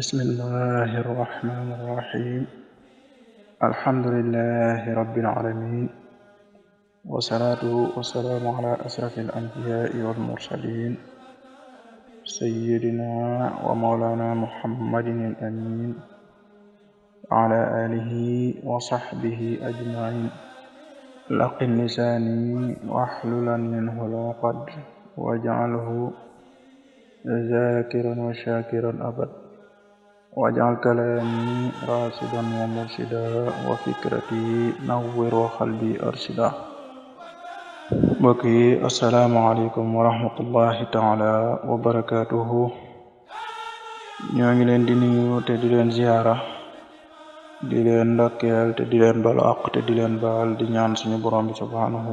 بسم الله الرحمن الرحيم الحمد لله رب العالمين والصلاة والسلام على أشرف الأنبياء والمرسلين سيدنا ومولانا محمد الأمين وعلى آله وصحبه أجمعين لقن لساني واحلل منه العقد واجعله ذاكرا وشاكرا أبدا واجعل كلامي راشدا ومرشدا وفكرتي نور وقلبي أرشدا mbokk yi asalaamaaleykum wa rahmatullahi taala wa barakaatuhu ñoo ngi leen di nuyu te di leen ziyaara di leen ndokkeel te di leen balu àq te di leen baal di ñaan suñu borom bi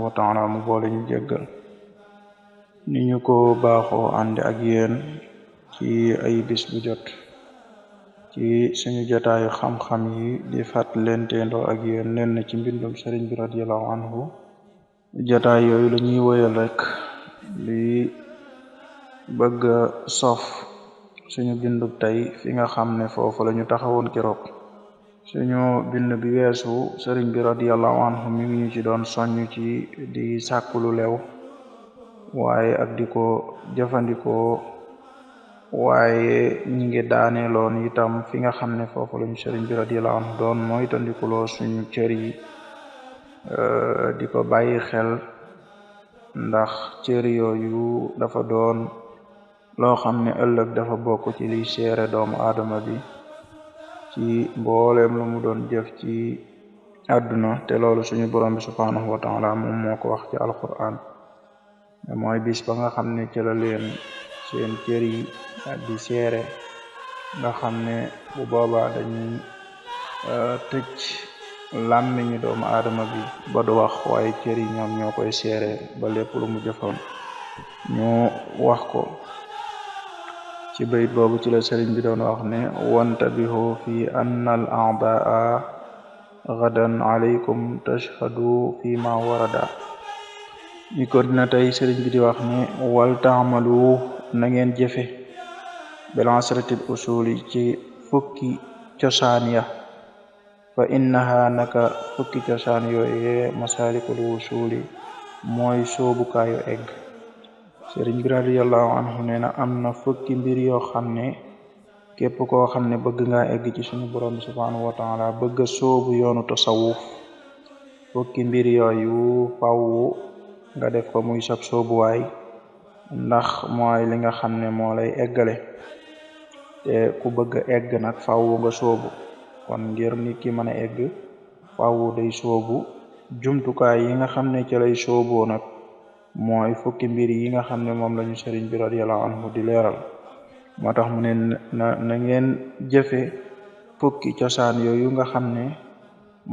wa taala mu boole ñu jéggal ko baaxoo ànd ak yéen ci ay bis bu jot ci suñu jotaayu xam-xam yi di fat lenteendoo ak yéen nen ci mbindum sëriñ bi radiallahu anhu jotaay yooyu la ñuy woyal rek di bëgga sof suñu bindub tey fi nga xam ne foofu la ñu taxawoon keroog suñu bind bi weesu sëriñ bi radiallahu anhu mi ngi ñu ci doon soññ ci di sàkk lu lew waaye ak di ko waaye ñi ngi daaneeloon itam fi nga xam ne foofu lañ sëriñ bi radiyallahu anhu doon mooy tandikuloo suñu cër yi euh, di ko bàyyi xel ndax cër yooyu dafa doon loo xam ne ëllëg dafa bokk ci liy seere doomu aadama bi ci mbooleem lu doon jëf ci àdduna te loolu suñu borom bi subhanahu wa taala moom moo ko wax ci alquran mooy bis ba nga xam ne ci leen seen cër yi di seere nga xam ne bu boobaa dañuy euh, tëj làmmiñu doomu aadama bi ba du wax waaye cër ñoo koy seere ba lépp lu mu jëfoon ñu wax ko ci bayit boobu ci la sëriñ bi doon wax ne wantabihu fi anna al a'daa gadan alaykum tashhadu fi ma warada ñi ko dina tey bi di wax ne wal taamalu na ngeen jëfe bilansratil usuli ci fukki cosaan ya fa innaha naka fukki cosaan yooyee masalikul wusuli mooy soobukaayu egg sëriñ bi radiallahu anhu nee na am na fukki mbir yoo xam ne képp koo xam ne bëgg nga egg ci suñu borom bi subhanahu wa taala bëgga soobu yoonu tasawuf fukki mbir yooyu faw nga def ko muy sob soobuwaay ndax mooy li nga xam ne moo lay eggale te ku bëgg egg nag faw nga soobu kon ngir nit ki mën a egg faaw day soobu jumtukaay yi nga xam ne ci lay sooboo nag mooy fukki mbir yi nga xam ne moom lañu sëriñ bi radiyallahu anhu di leeral moo tax mu ne na ngeen jëfe fukki cosaan yooyu nga xam ne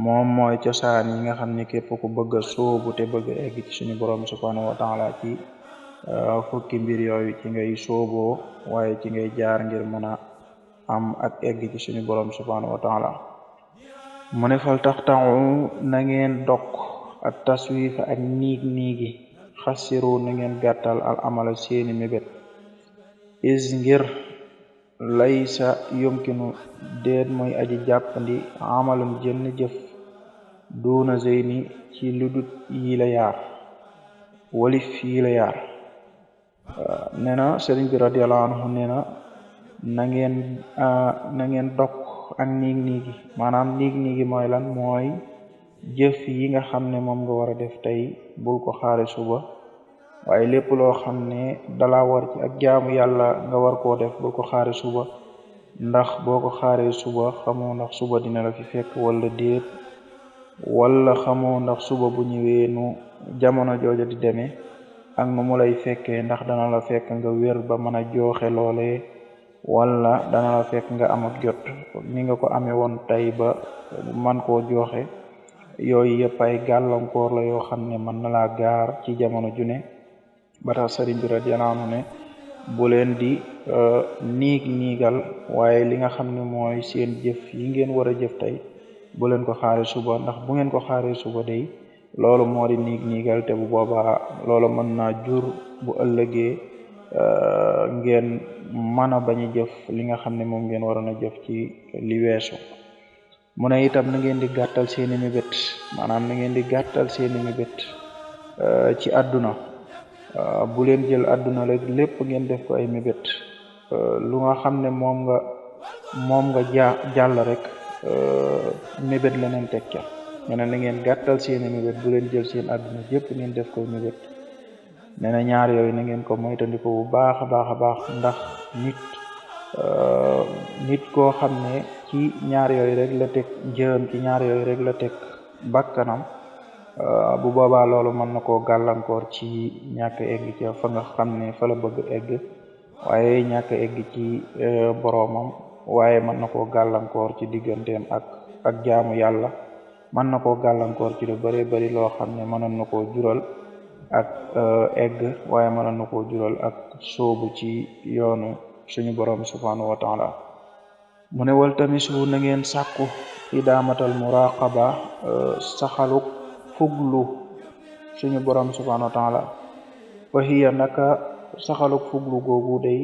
moom mooy cosaan yi nga xam ne képp ku bëgg a soobu te bëgg egg ci suñu borom subhanahu wa taala ci Euh, fukki mbir yooyu ci ngay sooboo waaye ci ngay jaar ngir mën a am ak egg ci suñu borom subhanahu wa taala fal tax taxu na ngeen dok ak taswifa ak niig niigi xasiru na ngeen gàttal al amala seeni mébét is ngir laysa yomkinu déet mooy aji jàppandi amalum jënn jëf duuna zeyni ci ludut yi la walif yi la nee na sëriñ bi radiyallahu anhu nee na na ngeen ah, ngeen dok ak niig niigi maanaam niig niigi mooy lan mooy jëf yi nga xam ne moom nga war a def tey bul ko xaare suba waaye lépp loo xam ne dala war ci ak jaamu yàlla nga war koo def bul ko xaare suba ndax boo ko xaaree suba xamoo ndax suba dina la fi fekk wala diir wala xamoo ndax suba bu ñëwee nu jamono jooja di ak nu mu lay fekkee ndax dana la fekk nga wér ba mën a jooxe loole wala dana la fekk nga am ak jot ni nga ko amee woon tey ba man koo jooxe yooyu yëpp ay gàllankoor la yoo xam ne mën na gaar ci jamono ju ne ba tax sëriñ bi radiyallahu anhu ne bu leen di euh, niig niigal waaye li nga xam ne mooy seen jëf yi ngeen war a jëf tey bu leen ko xaare suba ndax bu ngeen ko xaare suba day loolu moo di niig niigal te bu booba loolu mën naa jur bu ëllëgee euh, ngeen mën a bañ a jëf li nga xam ne moom ngeen waroon a jëf ci li weesu mu ne itam na ngeen di gàttal seeni mébét maanaam na ngeen di gàttal seeni mébét euh, ci àdduna euh, bu leen jël àdduna rek lépp ngeen def ko ay mébét lu nga xam ne moom nga moom nga ja jàll rek mébét leneen teg ca nee na na ngeen gàttal seeni mébét bu leen jël seen adduna yëpp ngeen def ko mébét nee na ñaar yooyu na ngeen ko moytandiku bu baax a baax a baax ndax nit euh, nit koo xam ne ci ñaar yooyu rek la teg ci ñaar yooyu rek la teg bakkanam euh, bu boobaa loolu mën na koo gàllankoor ci ñàkk egg fa nga xam ne fa la bëgg egg waaye ci euh, boroomam waaye mën na koo gàllankoor ci digganteem ak ak jaamu yàlla mën na koo gàllankoor ci lu bëree bëri loo xam ne mënoon na koo jural ak euh, egg waaye mënoon na koo jural ak soobu ci yoonu suñu borom subhanahu wa taala mu ne wal tamisu na ngeen sàkku idaamatal muraqaba euh, saxaluk fuglu suñu borom subhanahu wa taala fa hiya naka saxaluk fuglu googu day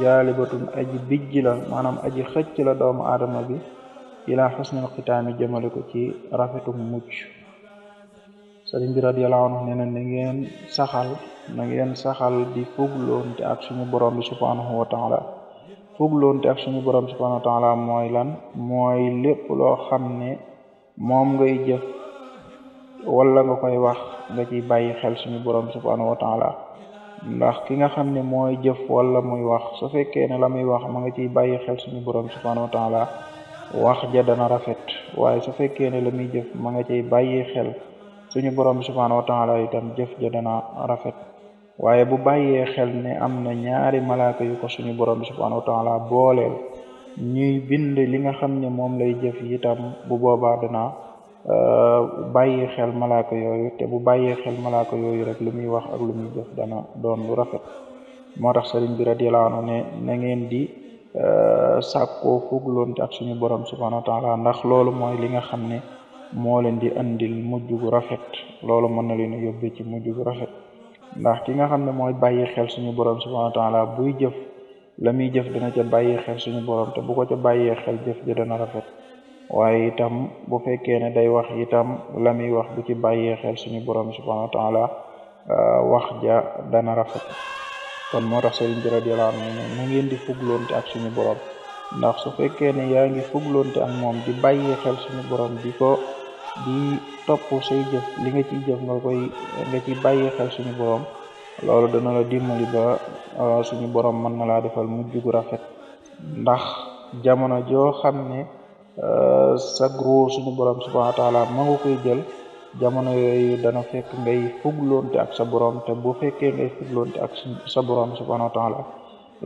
jaalibatun aji bijj la maanaam aji xëcc la doomu aadama bi ila xusnil xitaami jëmale ko ci rafetu mucc sëriñ bi radiyallahu anhu nee na na ngeen saxal na ngeen saxal di fugloonte ak suñu borom bi subhanahu wa taala fugloonte ak suñu borom bi subhanahu wa taala mooy lan mooy lépp loo xam ne moom ngay jëf wala nga koy wax nga ciy bàyyi xel suñu borom bi subhanahu wa taala ndax ki nga xam ne mooy jëf wala muy wax su fekkee ne la muy wax ma nga ciy bàyyi xel suñu borom bi subhanahu wa taala wax ja dana rafet waaye su fekkee ne la muy jëf ma nga cay bàyyi xel suñu borom bi subhaanahu wa taala yitam jëf ja dana rafet waaye bu bàyyee xel ne am na ñaari malaaka yu ko suñu borom bi subhaanahu wa taala booleel ñuy bind li nga xam ne moom lay jëf itam bu boobaa dana euh, bàyyi xel malaaka yooyu te bu bàyyee xel malaaka yooyu rek lu muy wax ak lu muy jëf dana doon lu rafet moo tax sëriñ bi radiyallahu anhu ne ngeen di Euh, sàkkoo fugloonte ak suñu borom subhanahu wa taala ndax loolu mooy li nga xam ne moo leen di andil mujj gu rafet loolu mën na leen a yóbbee ci mujj gu rafet ndax ki nga xam ne mooy bàyyi xel suñu borom subhanahu wa taala buy jëf la muy jëf dana ca bàyyi xel suñu borom te bu ko ca bàyyee xel jëf ja dana rafet waaye itam bu fekkee ne day wax itam la muy wax bu ci bàyyee xel suñu borom subhanahu wa taala euh, wax ja dana rafet kon moo tax sëriñ bi radiyallahu anhu ne na ngeen di fugloonte ak suñu borom ndax su fekkee ne yaa ngi te ak moom di bàyyi xel suñu borom di ko di topp say jëf li nga ci jëf nga koy nga ci bàyyi xel suñu borom loolu dana la dimbali ba ah, suñu borom man na laa defal mujj gu rafet ndax jamono joo xam ne ah, sa gros suñu borom subhanahu wa taala ma nga koy jël jamono yooyu dana fekk ngay fugloonte ak sa borom te bu fekkee ngay fugloonte ak sa borom subhanahu la taala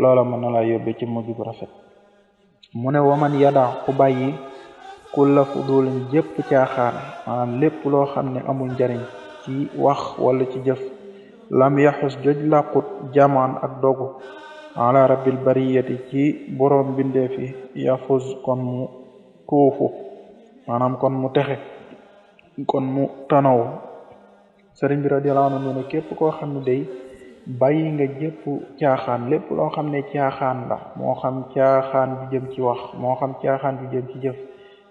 loola mën na laa yóbbe ci mujj bu rafet mu ne waman yadaa ku bàyyi kulla fudulin jëpp caaxaan maanaam lépp loo xam ne amul njariñ ci wax wala ci jëf lam yaxus joj làqut jamaan ak dogu ala rabbil bariyati ci borom bindee fi yafus kon mu tuufu maanaam kon mu texe kon mu tanaw sëriñ bi radiyallahu anhu nee na képp koo xam ne day bàyyi nga jëpp caaxaan lépp loo xam ne caaxaan la moo xam caaxaan bi jëm ci wax moo xam caaxaan bi jëm ci jëf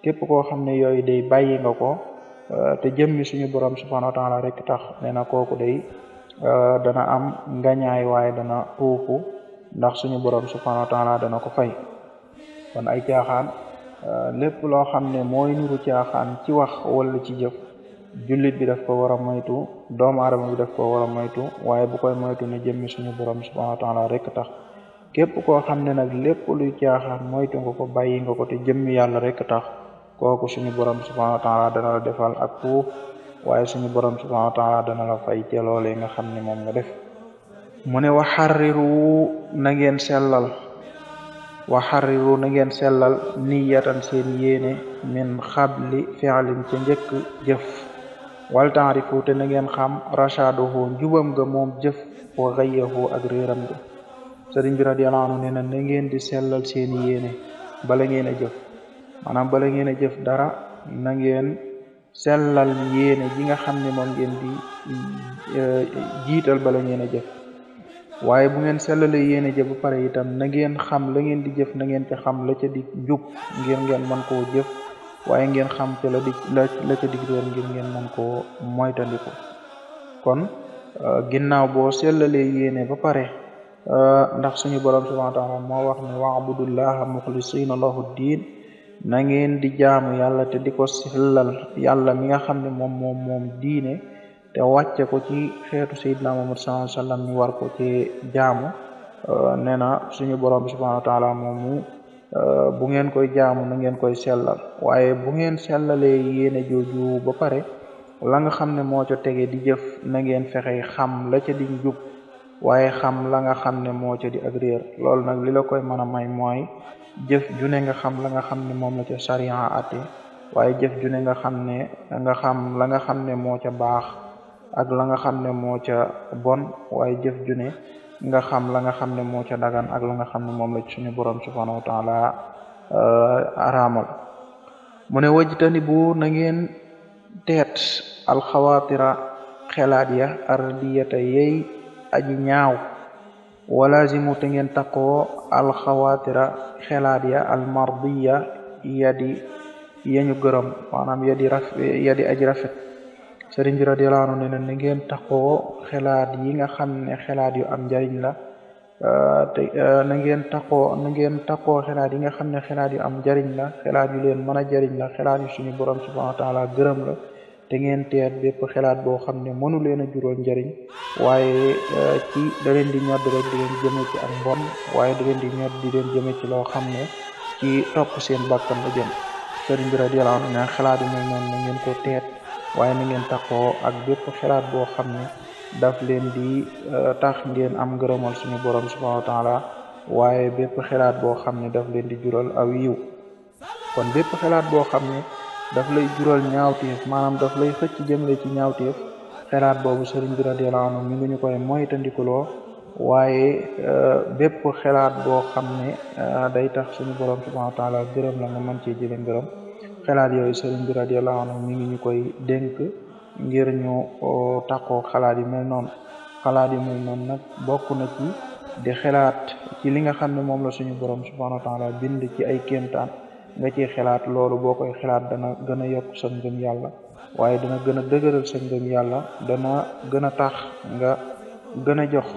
képp koo xam ne yooyu day bàyyi ko euh, te jëmmi suñu borom subhanahu wa taala rek tax nee na kooku day euh, dana am ngañaay waaye dana tuufu ndax suñu borom subhanahu wa taala dana ko fay kon ay caaxaan Euh, lépp loo xam ne mooy nuru caaxaan ci wax wala ci jëf jullit bi daf ko war a moytu doomu aadama bi daf ko war a moytu waaye bu koy moytu ne jëmmi suñu borom subhanahu wa taala rek tax képp koo xam ne nag lépp luy caaxaan moytu nga ko bàyyi nga ko te jëmmi yàlla rek tax kooku suñu borom subhanahu wa taala dana la defal ak puuf waaye suñu borom subhanahu wa taala dana la fay ca loolee nga xam ne moom nga def mu ne waxarriru na waxarriru na ngeen sellal niyatan seen yéene min xabli fi'lin ca njëkk jëf wal taarifu te na ngeen xam rashaduhu njubam ga moom jëf wa xayyahu ak réeram ga sëriñ bi radiyallahu anhu nee na na ngeen di sellal seen yéene bala ngeen a jëf maanaam bala ngeen a jëf dara na ngeen sellal yéene ji nga xam ne moom ngeen di eh, jiital bala ngeen a jëf waaye bu ngeen sellalee yéene je ba pare itam na ngeen xam la ngeen di jëf nangeen ngeen xam la ca di jub ngir ngeen mën koo jëf waaye ngeen xam ca la di la ca ngir ngeen mën koo moytandiku kon euh, ginnaaw boo sellalee yéene ba pare euh, ndax suñu borom subhanahu wa taala moo wax ne waabudullaha muxlisina lahu diin na ngeen di jaam yàlla te di ko sellal yàlla mi nga xam ne moom moom moom diine te wàcce ko ci xeetu sayidna muhammad sallallahu alayhi wa war ko ci jaamu euh, nee na suñu borom bi subhanahu wa taala moomu euh, bu ngeen koy jaamu na ngeen koy selal waaye bu ngeen sellalee yéene jooju ba pare la nga xam ne moo ca tege di jëf na ngeen fexe xam la ca di jub waaye xam la nga xam ne moo ca di ak loolu nag li la koy mën a may mooy jëf ju ne nga xam la nga xam ne moom la ca sariya àtte waaye nga xam ne moo ca baax ak la nga xam ne moo ca bon waaye jëf ju nga xam la nga xam ne moo ca dagan ak la nga xam ne moom la suñu borom subhanahu wa taala euh, araamal mu ne wajtani bu na ngeen teet alxawaatira xelaat ya ardiyata yey aji ñaaw walazimu te ngeen taqoo alxawaatira xelaat ya almardiya yadi yañu gërëm maanaam yadi yadi aji rafet sëriñ bi radiyallahu anhu nee na na ngeen taxoo xelaat yi nga xam ne xelaat yu am njariñ la euh, te euh, na ngeen ngeen taxoo xelaat yi nga xam ne xelaat yu am njariñ la xelaat yu leen mën a jariñ la xelaat yu suñu borom subhanahu wa taala gërëm la te ngeen teet bépp xelaat boo xam ne mënu leen a jural njariñ waaye euh, ci da leen di ñod rek di leen jëme ci am mbon waaye da leen di ñod di ci loo xam ne ci topp seen bakkan la jëm sëriñ bi radiyallahu anhu ne xelaat yu mel noonu ngeen ko teet waaye na ngeen takkoo ak bépp xalaat boo xam ne daf leen di euh, tax ngeen am ngërëmal suñu borom subhanahu wa taala waaye bépp xalaat boo xam ne daf leen di jural aw yiw kon bépp xalaat boo xam ne daf lay jural ñaawteef maanaam daf lay xëcc jëmle ci ñaawteef xelaat boobu sëriñ bi radiyallahu anhu mi ngi ñu koy moytandikuloo waaye euh, bépp xalaat boo xam ne euh, day tax suñu borom subhanahu wa taala la nga mën cee jële ngërëm xelaat yooyu sëriñ bi radiyallahu anhu mi ngi ñu koy dénk ngir ñu taqoo xalaat yu mel noonu xalaat yu mel noonu nag bokk na ci di xalaat ci li nga xam ne moom la suñu borom subhanahu wa taala bind ci ay kéemtaan nga ci xalaat loolu boo koy xalaat dana gën a yokk sa ngëm yàlla waaye dana gën a dëgëral sa yàlla dana gën a tax nga gën a jox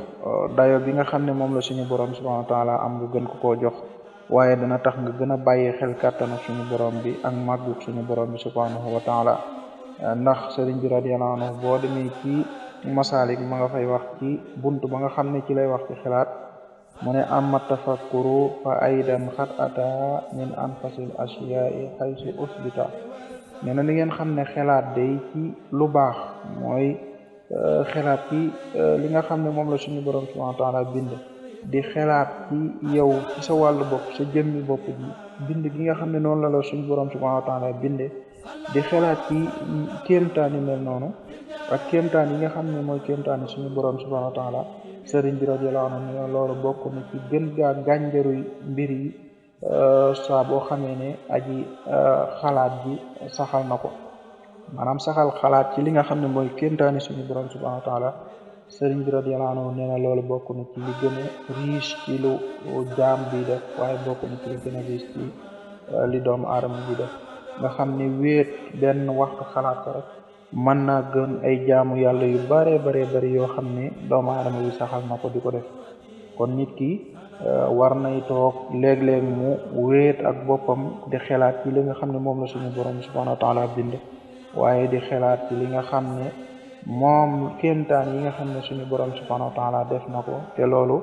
dayo bi nga xam ne moom la suñu borom subhanahu wa am nga gën ko koo jox waaye dana tax nga gën a bàyyi xel kàttana suñu borom bi ak màggu suñu borom bi subhanahu wa taala ndax sëriñ bi radiyallahu anhu boo demee ci masaalik ma nga fay wax ci bunt ba nga xam ne ci lay wax ci xalaat mu ne amma tafakkuru fa aydan xat ata min anfasil asiyai xaysu usbita nee na ni ngeen xam ne xelaat day ci lu baax mooy euh, xelaat ci euh, li nga xam ne moom la suñu borom subhanahu bind di xelaat ci yow ci sa wàll bopp sa jëmmi bopp bi bind gi nga xam ne noonu la la suñ borom subhanahu wa taala binde di xelaat ci kéemtaan yi mel noonu ak kéemtaan yi nga xam ne mooy kéemtaan suñu borom subhanahu wa taala sëriñ bi radiyallahu anhu ne loolu bokk na ci gën gaa gànjaru mbir yi euh, saa boo xamee ne aji euh, xalaat bi saxal na ko maanaam saxal xalaat ci li nga xam ne mooy kéemtaani suñu borom subhanahu wa taala sëriñ bi radiyallahu anhu nee na loolu bokk na ci li gën a riche ci jaam bi def waaye bokk na ci li gën riche ci euh, li doomu aadama bi def nga xam ne wéet benn waxtu xalaat ko rek mën naa gën ay jaamu yàlla yu bare bare bari yoo xam ne doomu aadama bi saxal na ko di ko def kon nit ki euh, war nay toog léeg-léeg mu wéet ak boppam di xelaat ci li nga xam ne moom la suñu borom subhanahu wa taala bind waaye di xelaat ci li nga xam ne moom kéemtaan yi nga xam ne suñu borom subhanahu wa taala def na ko te loolu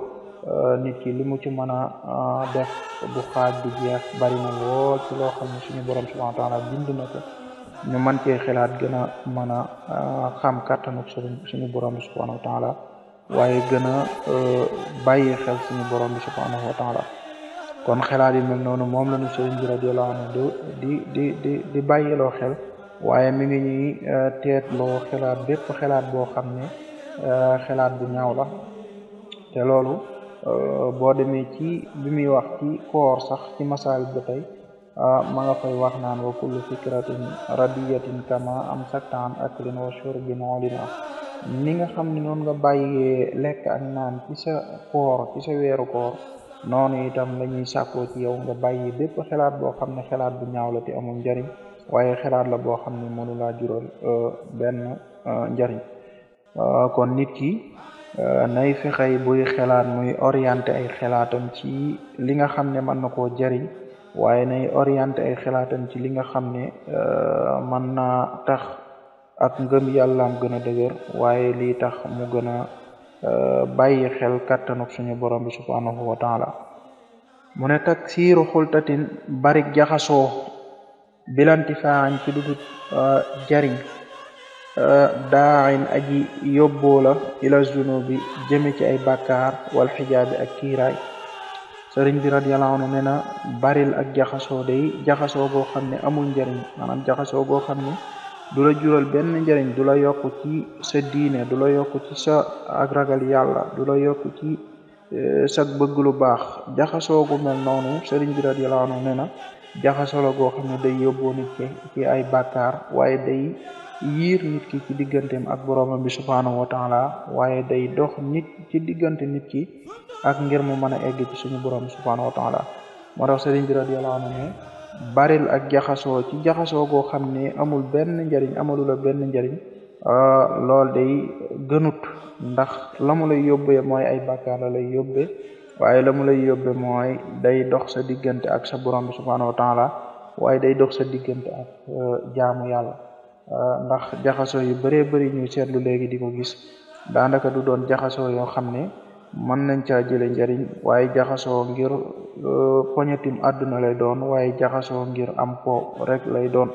euh, nit ki li mu ci mën a euh, def bu xaaj bu jeex bari na lool ci loo xam ne suñu borom subhanahu wa bind na ko ñu man cee xalaat gën a mën a euh, xam kattanu suñu borom bi subhanahu wa taala waaye gën a bàyyi xel suñu borom bi subhanahu wa kon xalaat yi mel noonu moom la ñu sëriñ bi radiyallahu anhu di di di di bàyyiloo xel waaye mi ngi ñuy euh, teetloo xelaat bépp xelaat boo xam ne euh, xelaat bu ñaaw la te loolu euh, boo demee ci bi muy wax ci koor sax ci masal ba tey ma nga fay wax naan wa kullu fikratin radiyatin kama am saktaan aklin wa shurbin olina ni nga xam ne noonu nga bàyyee lekk ak naan ci sa koor ci sa weeru koor noonu itam lañuy ñuy ci yow nga bàyyi bépp xelaat boo xam ne xelaat bu ñaaw la te amul njariñ waaye xalaat la boo xam ne mënu laa jural euh, benn euh, njariñ euh, kon nit ki nay fexey buy xalaat muy orienté ay xalaatam ci li nga xam ne mën na koo jariñ waaye nay orienté ay xalaatam ci li nga xam ne mën naa tax ak ngëm yàllaam gën a dëgër waaye lii tax mu gën a bàyyi xel kattanuk suñu borom bi subhanahu wa taala mu ne taksiiru xultatin barik jaxasoo bilanti faaxan ci dudut euh, jariñ euh, daaxin aji yóbboo la ila zunubi jëme ci ay bàkkaar wal xijaabi ak kiiraay sëriñ bi radiyallahu anhu nee na baril ak jaxasoo day jaxasoo goo xam ne amul njariñ maanaam jaxasoo goo xam ne du la jural benn njariñ du la yokk ci sa diine du la yokk ci sa ak ragal yàlla du la yokk ci euh, sa bëgg lu baax jaxasoo gu mel noonu sëriñ bi radiyallahu anhu nee na jaxasolo goo xam ne day yóbboo nit ki ay bàkkaar waaye day yiir nit ki ci digganteem ak boroomam bi subhaanahu wa taala waaye day dox nit ci diggante nit ki ak ngir mu mën a egg ci suñu borom bi subhaanahu wa taala moo tax sëriñ bi baril ak jaxasoo ci jaxasoo goo xam ne amul benn njariñ amalula benn njariñ euh, lool day gënut ndax la mu yóbbee mooy ay bàkkaar la lay yóbbee waaye la lay yóbbe mooy day dox sa diggante ak sa borom bi subhanahu wa taala waaye day dox sa diggante ak eh, jaamu yàlla eh, ndax jaxasoo yi bëree bëri ñu seetlu léegi di ko gis daanaka du doon jaxasoo yoo xam ne mën nañ caa jële njariñ waaye jaxasoo ngir eh, poñetim àdduna lay doon waaye jaxasoo ngir am po rek lay doon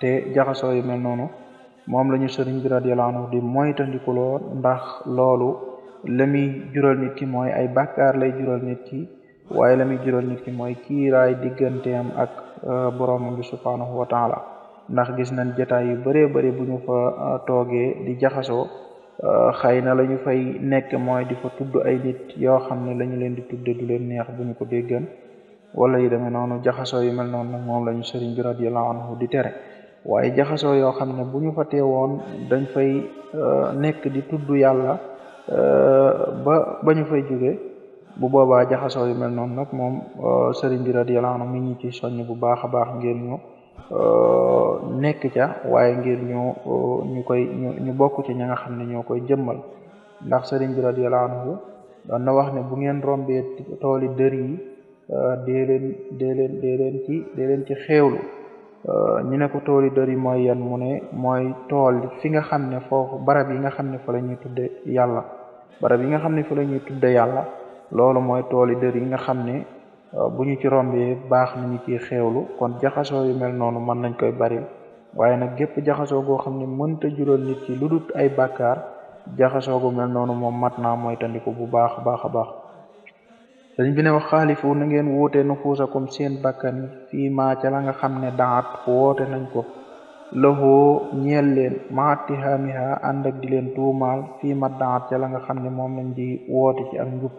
te jaxasoo yi mel noonu moom la ñu sëriñ bi radiyallahu anhu di moytandikuloo ndax loolu la muy jural nit ki mooy ay bàkkaar lay jural nit ki waaye la muy jural nit ki mooy kiiraay digganteem ak uh, boroomam bi subhaanahu wa taala ndax gis nañ jataay yu bëree bëri bu ñu fa uh, toogee di jaxasoo uh, xëy na lañu fay nekk mooy di fa tudd ay nit yoo xam ne la leen di tudde leen neex bu ko déggan wala yu demee noonu jaxasoo yu mel noonu moom la ñu sëriñ bi radiyallahu anhu di tere waaye jaxasoo yoo xam ne bu fa teewoon dañ fay nekk di tudd yàlla Euh, ba ba ñu fay jógee bu boobaa jaxasoo yu mel noonu nag moom euh, sëriñ bi radiyallahu anhu mi ñu ci soññ bu baax a baax ngir ñu euh, nekk ca waaye ngir ñu ñu koy ñu ñu bokk ci ña nga xam ne ñoo koy jëmmal ndax sëriñ bi radiyallahu anhu na wax ne bu ngeen rombee tooli dër yi dee leen dee leen leen ci dee Euh, ñu ne ko tooli dër yi mooy yan mu ne mooy tool fi nga xam ne foofu barab yi nga xam ne fa la ñuy tudde yàlla barab yi nga xam ne fa la ñuy tudde yàlla loolu mooy tooli dër yi nga xam ne euh, bu ñu ci rombee baax nañu ki xeewlu kon jaxasoo yu mel noonu mën nañ koy bari waaye nag gépp jaxasoo goo xam ne mënta jural nit ci lu dut ay bàkkaar jaxasoo gu mel noonu moom mat naa mooy tandiku bu baax a baax a baax sëriñ bi ne wax xaalifu na ngeen woote nu fuusa comme seen bakkan yi fii maa ca la nga xam ne daat woote nañ ko loxoo ñeel leen maatihaamiha ànd ak di leen tuumaal fii ma daat ca la nga xam ne moom lañ di woote ci ak njub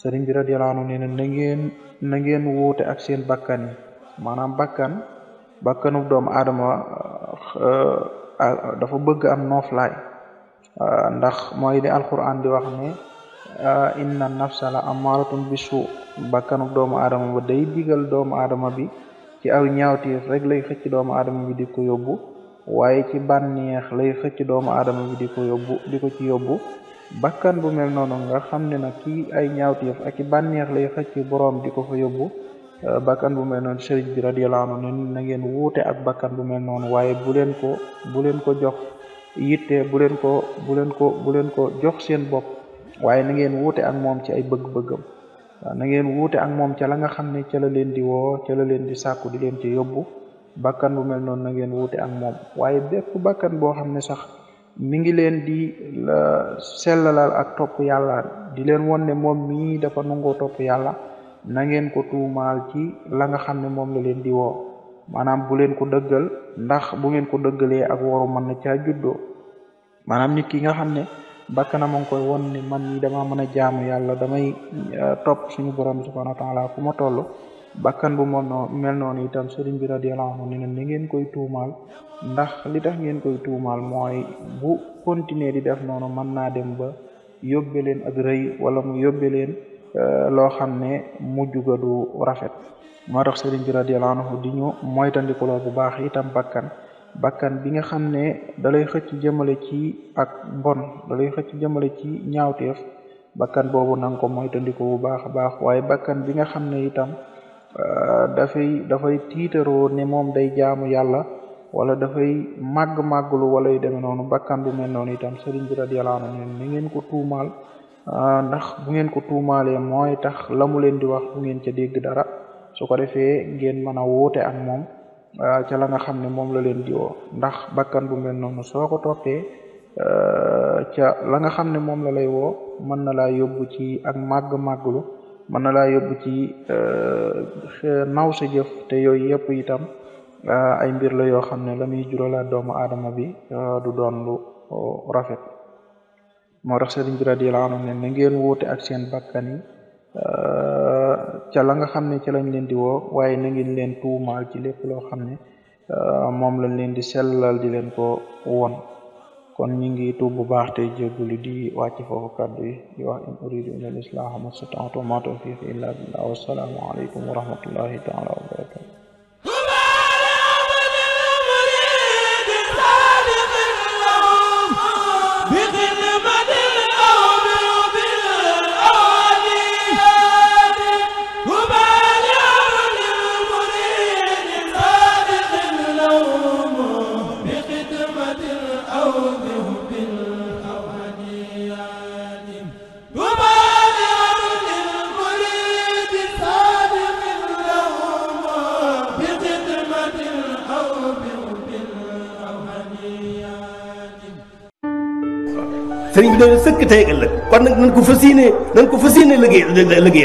sëriñ bi radiyallahu ngeen na ngeen woote ak seen bakkan yi maanaam bakkan bakkanub doomu aadama euh, dafa bëgg am nooflaay ndax mooy de alquran di wax ne Ah, inna nafsa la amaratum bi suu bakkanub doomu aadama day digal doomu aadama bi ci aw ñaawteef rek lay xëcc doomu aadama bi di ko yóbbu waaye ci bànneex lay xëcc doomu aadama bi di ko yóbbu di ko ci yóbbu bakkan bu mel noonu nga xam ne na kii ay ñaawteef ak ci bànneex lay xëcc boroom di ko fa yóbbu ah, bakkan bu mel noonu sëriñ bi radiyallahu anhu ne na ngeen wuute ak bakkan bu mel noonu waaye bu leen ko ko jox yitte bu leen ko bu leen ko bu leen ko jox seen bopp waaye na ngeen wuute ak moom ci ay bëgg-bëggam na ngeen wuute ak moom ca la nga xam ne ca la leen di woo ca la leen di sàkku di leen ci yóbbu bakkan bu mel noonu na ngeen wuute ak moom waaye bépp bakkan boo xam ne sax mi ngi leen di la sellalal ak topp yàlla di leen won ne moom mi dafa nangoo topp yàlla na ngeen ko tuumaal ci la nga xam ne moom la leen di woo maanaam bu leen ko dëggal ndax bu ngeen ko dëggalee ak waru mën na caa juddoo maanaam nit nga xam ne bakkana mu ngi koy won ni man ñi dama mën a jaamu yàlla damay euh, top suñu borom subhanahu wa taala fu ma toll bakkan bu moom noo mel noonu itam sëriñ bi radiyallahu anhu ne ni ngeen koy tuumaal ndax li tax ngeen koy tuumaal mooy bu continuer di def noonu mën naa dem ba yóbbe leen ak rëy wala mu yóbbe leen euh, loo xam ne mujj ga du rafet moo tax sëriñ bi radiyallahu anhu di ñu moytandikuloo bu baax itam bakkan bakkan bi nga xam ne dalay xëcc jëmale ci ak mbon dalay xëcc jëmale ci ñaawteef bakkan boobu nanga ko moytandiku bu baax a baax waaye bakkan bi nga xam ne itam euh, dafay dafay tiitaroo ne moom day jaamu yàlla wala dafay màgg-màgglu wala yu demee noonu bakkan bu mel noonu itam sëriñ bi radiyallahu anhu ne ni ngeen ko tuumaal euh, ndax bu ngeen ko tuumaalee mooy tax la leen di wax bu ngeen ca dégg dara su ko defee ngeen mën a woote ak moom ca la nga xam ne moom la leen diwoo ndax bakkan bu mel noonu soo ko toppee euh, ca la xam ne moom la lay woo mën na laa yóbbu ci ak màgg-màgglu mën na laa yóbbu ci euh, naw sa jëf te yooyu yëpp itam euh, ay mbir la yoo xam ne la muy juralaat doomu aadama bi du doon lu rafet moo tax sëriñ la radiyallahu anhu ne ngeen wuute ak seen bakkan yi ca la nga xam ne ca lañ leen di woo waaye na ngeen leen tuumaal ci lépp loo xam ne euh, moom lañ leen di sellal di leen ko won kon ñi ngi tuub bu baax te jéggulu di wàcc foofu kaddu yi di wax in uridu illa al islaha mastata'tu ma tawfiqi illa billah wassalaamu aleykum wa rahmatullahi taala wa barakatu sëriñ bi dana tey ëllëg kon nag nañ ko fas yéene nañ ko fas yéene liggéey liggéey